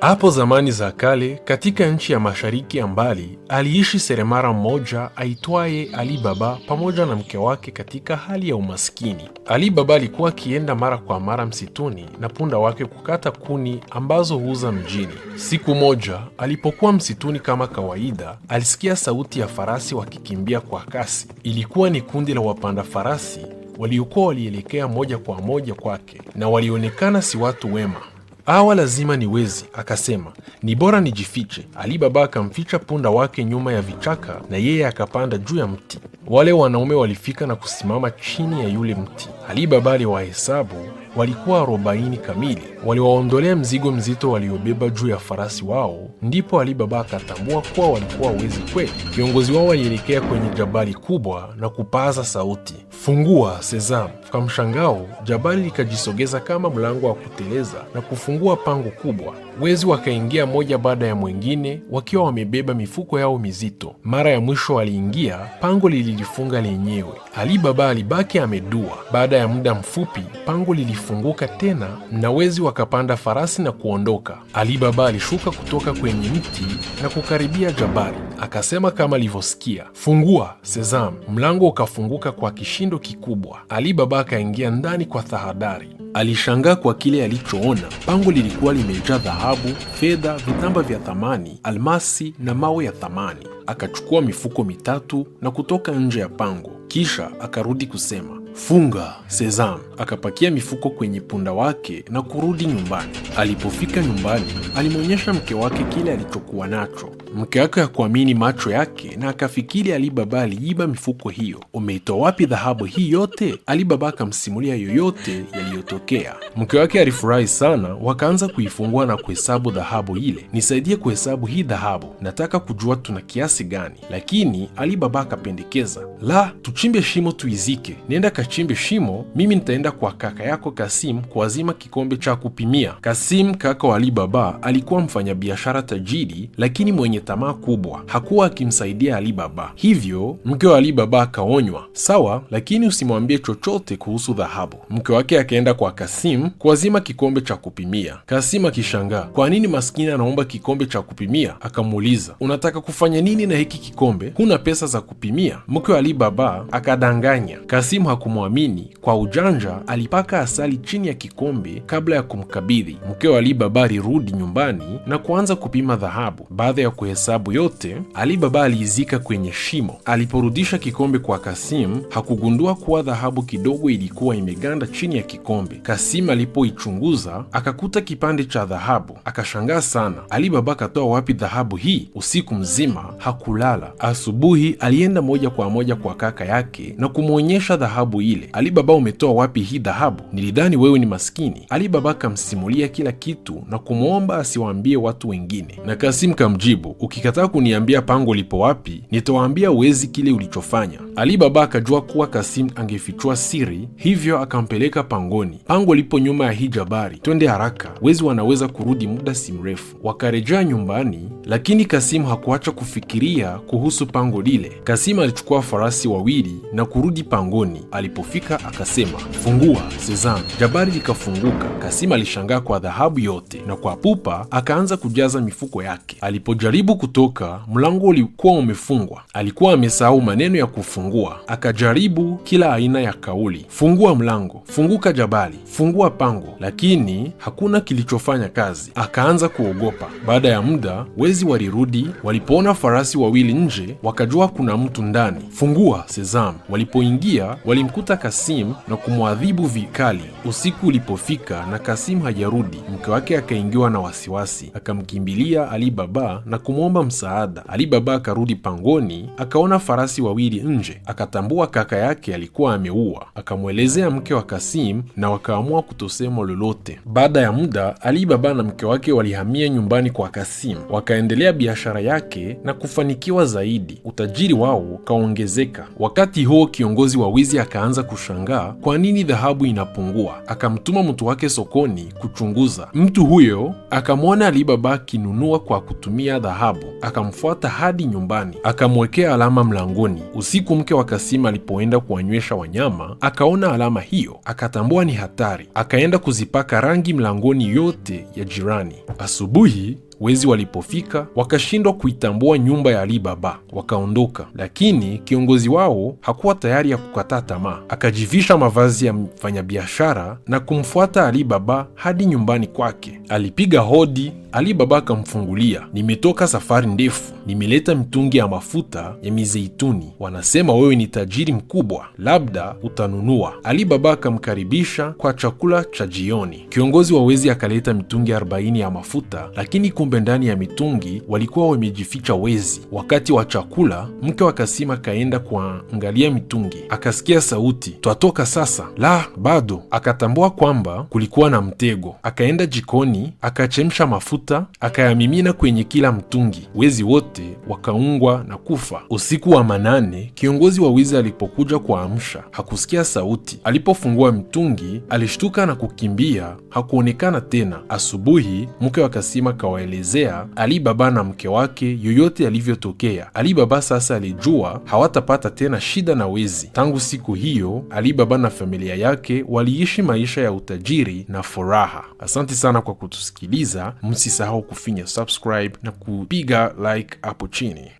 Hapo zamani za kale, katika nchi ya mashariki ya mbali, aliishi seremara mmoja aitwaye Ali Baba pamoja na mke wake katika hali ya umaskini. Ali Baba alikuwa akienda mara kwa mara msituni na punda wake kukata kuni ambazo huuza mjini. Siku moja alipokuwa msituni kama kawaida, alisikia sauti ya farasi wakikimbia kwa kasi. Ilikuwa ni kundi la wapanda farasi waliokuwa walielekea moja kwa moja kwake, na walionekana si watu wema. Hawa lazima ni wezi, akasema ni bora nijifiche. Ali Baba akamficha punda wake nyuma ya vichaka na yeye akapanda juu ya mti. Wale wanaume walifika na kusimama chini ya yule mti. Ali Baba aliwahesabu, walikuwa arobaini kamili waliwaondolea mzigo mzito waliobeba juu ya farasi wao. Ndipo Ali Baba akatambua kuwa walikuwa wezi kweli. Kiongozi wao walielekea kwenye jabali kubwa na kupaza sauti, fungua Sezam. Kwa mshangao, jabali likajisogeza kama mlango wa kuteleza na kufungua pango kubwa. Wezi wakaingia moja baada ya mwingine, wakiwa wamebeba mifuko yao mizito. Mara ya mwisho waliingia, pango lililifunga lenyewe. Ali Baba alibaki amedua. Baada ya muda mfupi, pango lilifunguka tena na wezi wakapanda farasi na kuondoka. Ali Baba alishuka kutoka kwenye mti na kukaribia Jabari, akasema kama alivyosikia, fungua Sezam. Mlango ukafunguka kwa kishindo kikubwa. Ali Baba akaingia ndani kwa tahadhari. Alishangaa kwa kile alichoona. Pango lilikuwa limejaa dhahabu, fedha, vitamba vya thamani, almasi na mawe ya thamani. Akachukua mifuko mitatu na kutoka nje ya pango, kisha akarudi kusema funga sezam akapakia mifuko kwenye punda wake na kurudi nyumbani. Alipofika nyumbani, alimwonyesha mke wake kile alichokuwa nacho. Mke wake hakuamini macho yake na akafikiri Ali Baba aliiba mifuko hiyo. Umeitoa wapi dhahabu hii yote? Ali Baba akamsimulia yoyote yaliyotokea. Mke wake alifurahi sana, wakaanza kuifungua na kuhesabu dhahabu ile. Nisaidie kuhesabu hii dhahabu, nataka kujua tuna kiasi gani. Lakini Ali Baba akapendekeza, la, tuchimbe shimo tuizike, nenda achimbe shimo, mimi nitaenda kwa kaka yako Kasim kuazima kikombe cha kupimia. Kasim, kaka wa Ali Baba, alikuwa mfanyabiashara tajiri, lakini mwenye tamaa kubwa. Hakuwa akimsaidia Ali Baba, hivyo mke wa Ali Baba akaonywa, sawa, lakini usimwambie chochote kuhusu dhahabu. Mke wake akaenda kwa Kasim kuazima kikombe cha kupimia. Kasim akishangaa, kwa nini maskini anaomba kikombe cha kupimia? Akamuuliza, unataka kufanya nini na hiki kikombe? Huna pesa za kupimia? Mke wa Ali Baba akadanganya Kasim haku kumwamini. Kwa ujanja, alipaka asali chini ya kikombe kabla ya kumkabidhi Mkeo Ali Baba alirudi nyumbani na kuanza kupima dhahabu. Baada ya kuhesabu yote, Ali Baba aliizika kwenye shimo. Aliporudisha kikombe kwa Kasim, hakugundua kuwa dhahabu kidogo ilikuwa imeganda chini ya kikombe. Kasim alipoichunguza akakuta kipande cha dhahabu, akashangaa sana. Ali Baba akatoa wapi dhahabu hii? Usiku mzima hakulala. Asubuhi alienda moja kwa moja kwa kaka yake na kumwonyesha dhahabu dhahabu ile, Ali Baba, umetoa wapi hii dhahabu? Nilidhani wewe ni maskini. Ali Baba akamsimulia kila kitu na kumwomba asiwaambie watu wengine, na Kasim kamjibu, ukikataa kuniambia pango lipo wapi, nitawaambia wezi kile ulichofanya. Ali Baba akajua kuwa Kasim angefichua siri, hivyo akampeleka pangoni. Pango lipo nyuma ya hii jabari, twende haraka, wezi wanaweza kurudi muda si mrefu. Wakarejea nyumbani, lakini Kasim hakuacha kufikiria kuhusu pango lile. Kasim alichukua farasi wawili na kurudi pangoni alipofika akasema, fungua Sezam. Jabari likafunguka. kasima alishangaa kwa dhahabu yote, na kwa pupa akaanza kujaza mifuko yake. Alipojaribu kutoka, mlango ulikuwa umefungwa. Alikuwa amesahau maneno ya kufungua. Akajaribu kila aina ya kauli: fungua mlango, funguka Jabari, fungua pango, lakini hakuna kilichofanya kazi. Akaanza kuogopa. Baada ya muda wezi walirudi. Walipoona farasi wawili nje, wakajua kuna mtu ndani. Fungua Sezam. Walipoingia walimkuta akamkuta Kasim na kumwadhibu vikali. Usiku ulipofika na Kasim hajarudi, mke wake akaingiwa na wasiwasi, akamkimbilia Ali Baba na kumwomba msaada. Ali Baba akarudi pangoni, akaona farasi wawili nje, akatambua kaka yake alikuwa ameua. Akamwelezea mke wa Kasim na wakaamua kutosema lolote. Baada ya muda, Ali Baba na mke wake walihamia nyumbani kwa Kasim, wakaendelea biashara yake na kufanikiwa zaidi. Utajiri wao kaongezeka. Wakati huo kiongozi wa wizi akaanza akaanza kushangaa kwa nini dhahabu inapungua. Akamtuma mtu wake sokoni kuchunguza. Mtu huyo akamwona Alibaba akinunua kwa kutumia dhahabu, akamfuata hadi nyumbani, akamwekea alama mlangoni. Usiku mke wa Kasima alipoenda kuwanywesha wanyama, akaona alama hiyo, akatambua ni hatari, akaenda kuzipaka rangi mlangoni yote ya jirani. Asubuhi Wezi walipofika wakashindwa kuitambua nyumba ya Ali Baba, wakaondoka, lakini kiongozi wao hakuwa tayari ya kukataa tamaa. Akajivisha mavazi ya mfanyabiashara na kumfuata Ali Baba hadi nyumbani kwake. Alipiga hodi, Ali Baba akamfungulia. Nimetoka safari ndefu, nimeleta mitungi ya mafuta ya mizeituni. Wanasema wewe ni tajiri mkubwa, labda utanunua. Ali Baba akamkaribisha kwa chakula cha jioni. Kiongozi wa wezi akaleta mitungi 40 ya mafuta, lakini viumbe ndani ya mitungi walikuwa wamejificha wezi. Wakati wa chakula, mke wa Kasima kaenda kuangalia mitungi, akasikia sauti, twatoka sasa? La, bado. Akatambua kwamba kulikuwa na mtego. Akaenda jikoni, akachemsha mafuta, akayamimina kwenye kila mtungi. Wezi wote wakaungwa na kufa. Usiku wa manane, kiongozi wa wizi alipokuja kuamsha, hakusikia sauti. Alipofungua mtungi, alishtuka na kukimbia, hakuonekana tena. Asubuhi mke wa Kasima kawaeleza kumwelezea Ali Baba na mke wake yoyote alivyotokea Ali Baba sasa alijua hawatapata tena shida na wezi. Tangu siku hiyo, Ali Baba na familia yake waliishi maisha ya utajiri na furaha. Asante sana kwa kutusikiliza, msisahau kufinya subscribe na kupiga like hapo chini.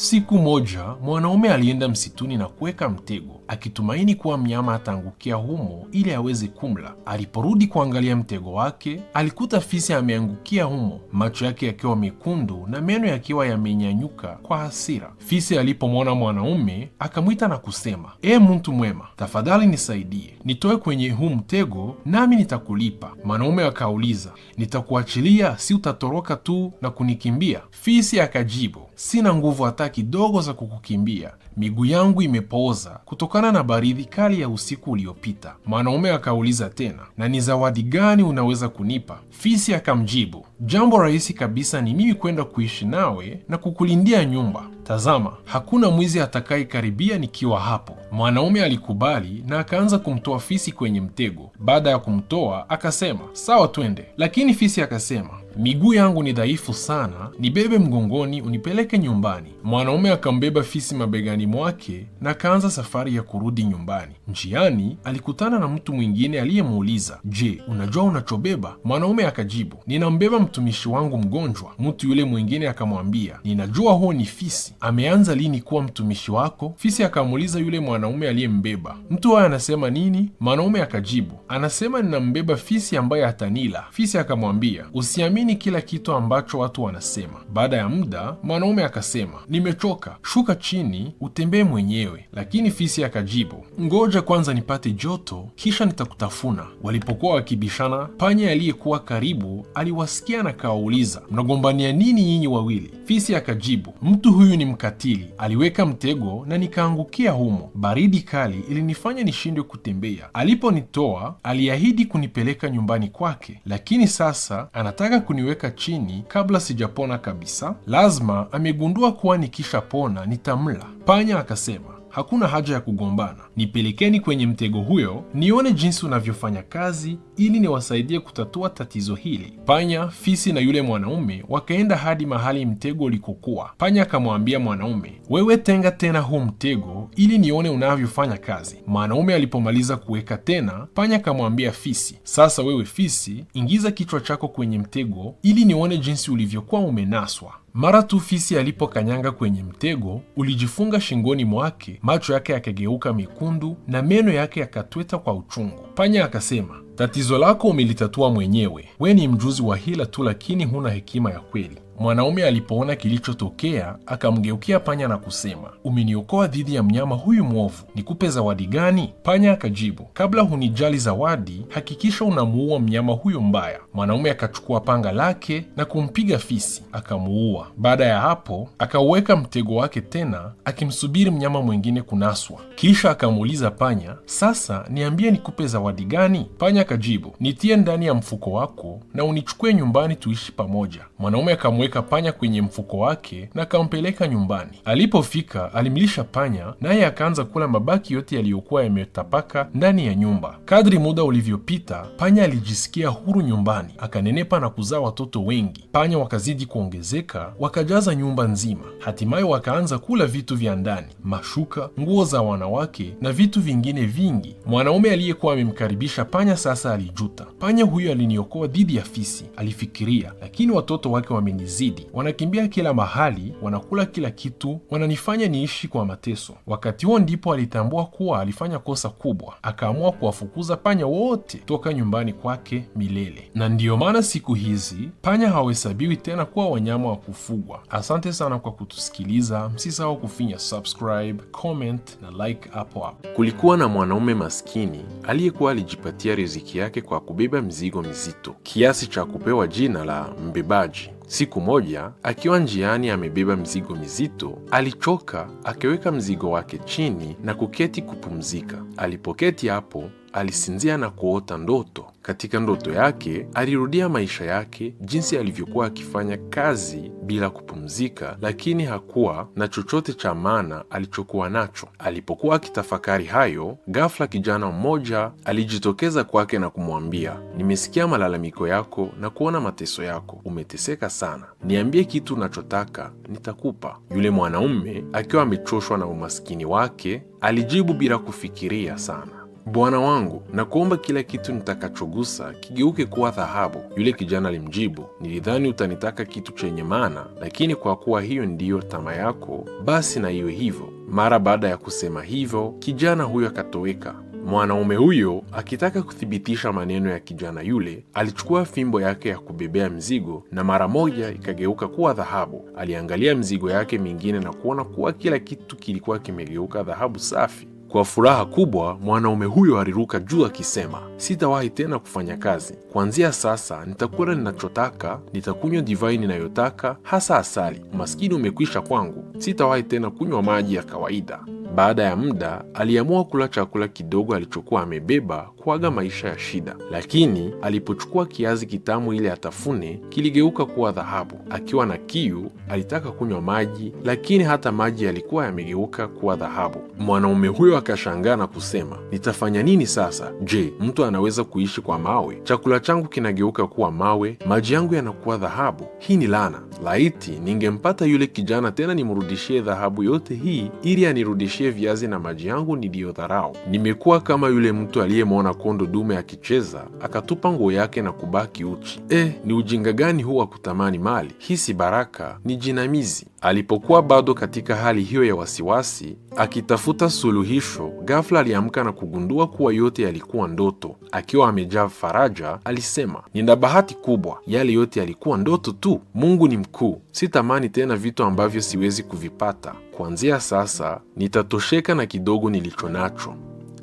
Siku moja mwanaume alienda msituni na kuweka mtego akitumaini kuwa mnyama ataangukia humo ili aweze kumla. Aliporudi kuangalia mtego wake, alikuta fisi ameangukia humo, macho yake yakiwa mekundu na meno yakiwa yamenyanyuka kwa hasira. Fisi alipomwona mwanaume akamwita na kusema, E mtu mwema, tafadhali nisaidie, nitoe kwenye huu mtego nami nitakulipa. Mwanaume akauliza, nitakuachilia si utatoroka tu na kunikimbia? Fisi akajibu Sina nguvu hata kidogo za kukukimbia, miguu yangu imepooza kutokana na baridi kali ya usiku uliopita. Mwanaume akauliza tena, na ni zawadi gani unaweza kunipa? Fisi akamjibu, Jambo rahisi kabisa ni mimi kwenda kuishi nawe na kukulindia nyumba. Tazama, hakuna mwizi atakayekaribia nikiwa hapo. Mwanaume alikubali na akaanza kumtoa fisi kwenye mtego. Baada ya kumtoa akasema, sawa, twende. Lakini fisi akasema, miguu yangu ni dhaifu sana, nibebe mgongoni unipeleke nyumbani. Mwanaume akambeba fisi mabegani mwake na akaanza safari ya kurudi nyumbani. Njiani alikutana na mtu mwingine aliyemuuliza, je, unajua unachobeba? Mwanaume akajibu, ninambeba mtumishi wangu mgonjwa? Mtu yule mwingine akamwambia, ninajua huo ni fisi. Ameanza lini kuwa mtumishi wako? Fisi akamuuliza yule mwanaume aliyembeba, mtu hayo anasema nini? Mwanaume akajibu, anasema ninambeba fisi ambaye atanila Fisi akamwambia, usiamini kila kitu ambacho watu wanasema. Baada ya muda, mwanaume akasema, nimechoka, shuka chini utembee mwenyewe. Lakini fisi akajibu, ngoja kwanza nipate joto, kisha nitakutafuna. Walipokuwa wakibishana, panya aliyekuwa karibu aliwasikia naye nakawauliza, mnagombania nini nyinyi wawili? Fisi akajibu, mtu huyu ni mkatili, aliweka mtego na nikaangukia humo. Baridi kali ilinifanya nishindwe kutembea. Aliponitoa aliahidi kunipeleka nyumbani kwake, lakini sasa anataka kuniweka chini kabla sijapona kabisa. Lazima amegundua kuwa nikishapona nitamla. Panya akasema hakuna haja ya kugombana. Nipelekeni kwenye mtego huyo, nione jinsi unavyofanya kazi ili niwasaidie kutatua tatizo hili. Panya, fisi na yule mwanaume wakaenda hadi mahali mtego ulikokuwa. Panya akamwambia mwanaume, wewe tenga tena huu mtego ili nione unavyofanya kazi. Mwanaume alipomaliza kuweka tena, panya akamwambia fisi, sasa wewe fisi, ingiza kichwa chako kwenye mtego ili nione jinsi ulivyokuwa umenaswa. Mara tu fisi alipokanyanga kwenye mtego ulijifunga shingoni mwake, macho yake yakageuka mekundu na meno yake yakatweta kwa uchungu. Panya akasema, tatizo lako umelitatua mwenyewe, we ni mjuzi wa hila tu, lakini huna hekima ya kweli. Mwanaume alipoona kilichotokea akamgeukia panya na kusema, umeniokoa dhidi ya mnyama huyu mwovu, nikupe zawadi gani? Panya akajibu, kabla hunijali zawadi, hakikisha unamuua mnyama huyo mbaya. Mwanaume akachukua panga lake na kumpiga fisi, akamuua. Baada ya hapo, akauweka mtego wake tena, akimsubiri mnyama mwingine kunaswa. Kisha akamuuliza panya, sasa niambie, nikupe zawadi gani? Panya akajibu, nitie ndani ya mfuko wako na unichukue nyumbani tuishi pamoja. Mwanaume akamweka akaweka panya kwenye mfuko wake na akampeleka nyumbani. Alipofika alimlisha panya, naye akaanza kula mabaki yote yaliyokuwa yametapaka ndani ya nyumba. Kadri muda ulivyopita, panya alijisikia huru nyumbani, akanenepa na kuzaa watoto wengi. Panya wakazidi kuongezeka, wakajaza nyumba nzima. Hatimaye wakaanza kula vitu vya ndani, mashuka, nguo za wanawake na vitu vingine vingi. Mwanaume aliyekuwa amemkaribisha panya sasa alijuta. Panya huyo aliniokoa dhidi ya fisi, alifikiria, lakini watoto wake wameniz zinavyozidi. Wanakimbia kila mahali, wanakula kila kitu, wananifanya niishi kwa mateso. Wakati huo ndipo alitambua kuwa alifanya kosa kubwa, akaamua kuwafukuza panya wote toka nyumbani kwake milele, na ndiyo maana siku hizi panya hawahesabiwi tena kuwa wanyama wa kufugwa. Asante sana kwa kutusikiliza, msisahau kufinya subscribe, comment na like hapo hapo. Kulikuwa na mwanaume maskini aliyekuwa alijipatia riziki yake kwa kubeba mizigo mizito kiasi cha kupewa jina la mbebaji. Siku moja akiwa njiani amebeba mzigo mizito, alichoka akaweka mzigo wake chini na kuketi kupumzika. Alipoketi hapo, alisinzia na kuota ndoto. Katika ndoto yake alirudia maisha yake jinsi alivyokuwa akifanya kazi bila kupumzika, lakini hakuwa na chochote cha maana alichokuwa nacho. Alipokuwa akitafakari hayo, ghafla kijana mmoja alijitokeza kwake na kumwambia, nimesikia malalamiko yako na kuona mateso yako, umeteseka sana, niambie kitu unachotaka nitakupa. Yule mwanaume akiwa amechoshwa na umaskini wake alijibu bila kufikiria sana Bwana wangu, na kuomba kila kitu nitakachogusa kigeuke kuwa dhahabu. Yule kijana alimjibu, nilidhani utanitaka kitu chenye maana, lakini kwa kuwa hiyo ndiyo tamaa yako, basi na iwe hivyo. Mara baada ya kusema hivyo, kijana huyo akatoweka. Mwanaume huyo akitaka kuthibitisha maneno ya kijana yule, alichukua fimbo yake ya kubebea mzigo na mara moja ikageuka kuwa dhahabu. Aliangalia mzigo yake mingine na kuona kuwa kila kitu kilikuwa kimegeuka dhahabu safi. Kwa furaha kubwa, mwanaume huyo aliruka juu akisema, sitawahi tena kufanya kazi. Kuanzia sasa nitakula ninachotaka, nitakunywa divai ninayotaka, hasa asali. Umaskini umekwisha kwangu, sitawahi tena kunywa maji ya kawaida. Baada ya muda, aliamua kula chakula kidogo alichokuwa amebeba kuaga maisha ya shida, lakini alipochukua kiazi kitamu ili atafune, kiligeuka kuwa dhahabu. Akiwa na kiu, alitaka kunywa maji, lakini hata maji yalikuwa yamegeuka kuwa dhahabu. Mwanaume huyo akashangaa na kusema, nitafanya nini sasa? Je, mtu anaweza kuishi kwa mawe? Chakula changu kinageuka kuwa mawe, maji yangu yanakuwa dhahabu. Hii ni lana! Laiti ningempata yule kijana tena, nimrudishie dhahabu yote hii ili anirudishie nipikishie viazi na maji yangu niliyodharau. Nimekuwa kama yule mtu aliyemwona kondo dume akicheza akatupa nguo yake na kubaki uchi. Eh, ni ujinga gani huwa kutamani mali? Hii si baraka, ni jinamizi. Alipokuwa bado katika hali hiyo ya wasiwasi, akitafuta suluhisho, ghafla aliamka na kugundua kuwa yote yalikuwa ndoto. Akiwa amejaa faraja, alisema, nina bahati kubwa, yale yote yalikuwa ndoto tu. Mungu ni mkuu, sitamani tena vitu ambavyo siwezi kuvipata kuanzia sasa nitatosheka na kidogo nilicho nacho.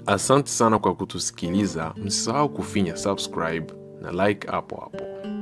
Asante sana kwa kutusikiliza. Msisahau kufinya subscribe na like hapo hapo.